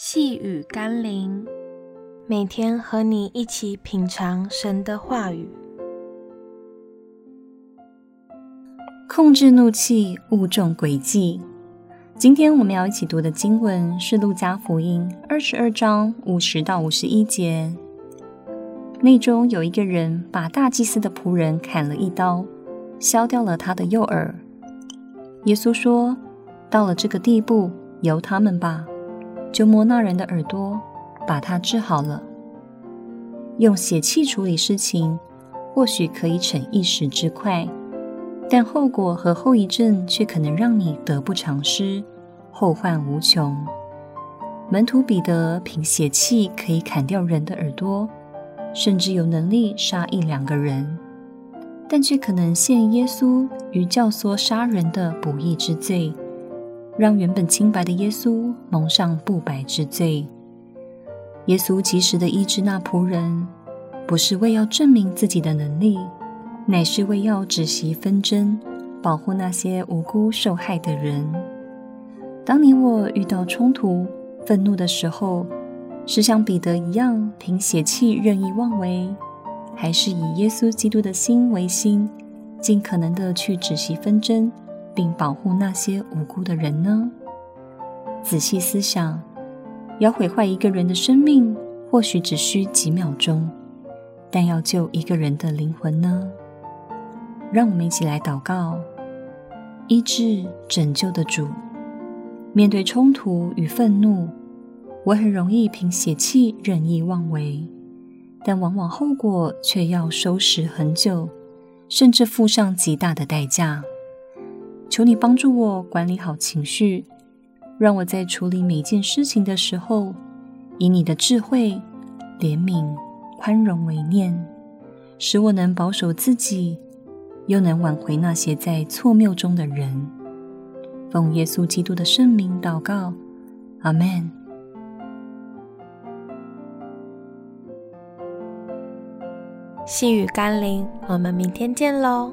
細語甘霖，每天和你一起品嘗神的話語。控制怒氣，勿中詭計。今天我們要一起讀的經文是《路加福音》二十二章五十到五十一節。內中有一個人把大祭司的僕人砍了一刀，削掉了他的右耳。耶穌說：“到了這個地步，由他們吧。”就摸那人的耳朵，把他治好了。用血氣處理事情，或許可以逞一時之快，但後果和後遺症卻可能讓你得不償失，後患無窮。門徒彼得憑血氣可以砍掉人的耳朵，甚至有能力殺一兩個人，但卻可能陷耶穌於教唆殺人的不義之罪。讓原本清白的耶穌蒙上不白之罪。耶穌及時的醫治那僕人，不是為要證明自己的能力，乃是為要止息紛爭，保護那些無辜受害的人。當你我遇到衝突、憤怒的時候，是像彼得一樣憑血氣任意妄為，還是以耶穌基督的心為心，盡可能的去止息紛爭？並保護那些無辜的人呢？仔細思想，要毀壞一個人的生命，或許只需幾秒鐘；但要救一個人的靈魂呢？讓我們一起來禱告：醫治、拯救的主，面對衝突與憤怒，我很容易憑血氣任意妄為，但往往後果卻要收拾很久，甚至付上極大的代價。求你幫助我管理好情緒，讓我在處理每件事情的時候，以你的智慧、憐憫、寬容為念，使我能保守自己，又能挽回那些在錯謬中的人。奉耶穌基督的聖名禱告，阿門。細語甘霖，我們明天見嘍。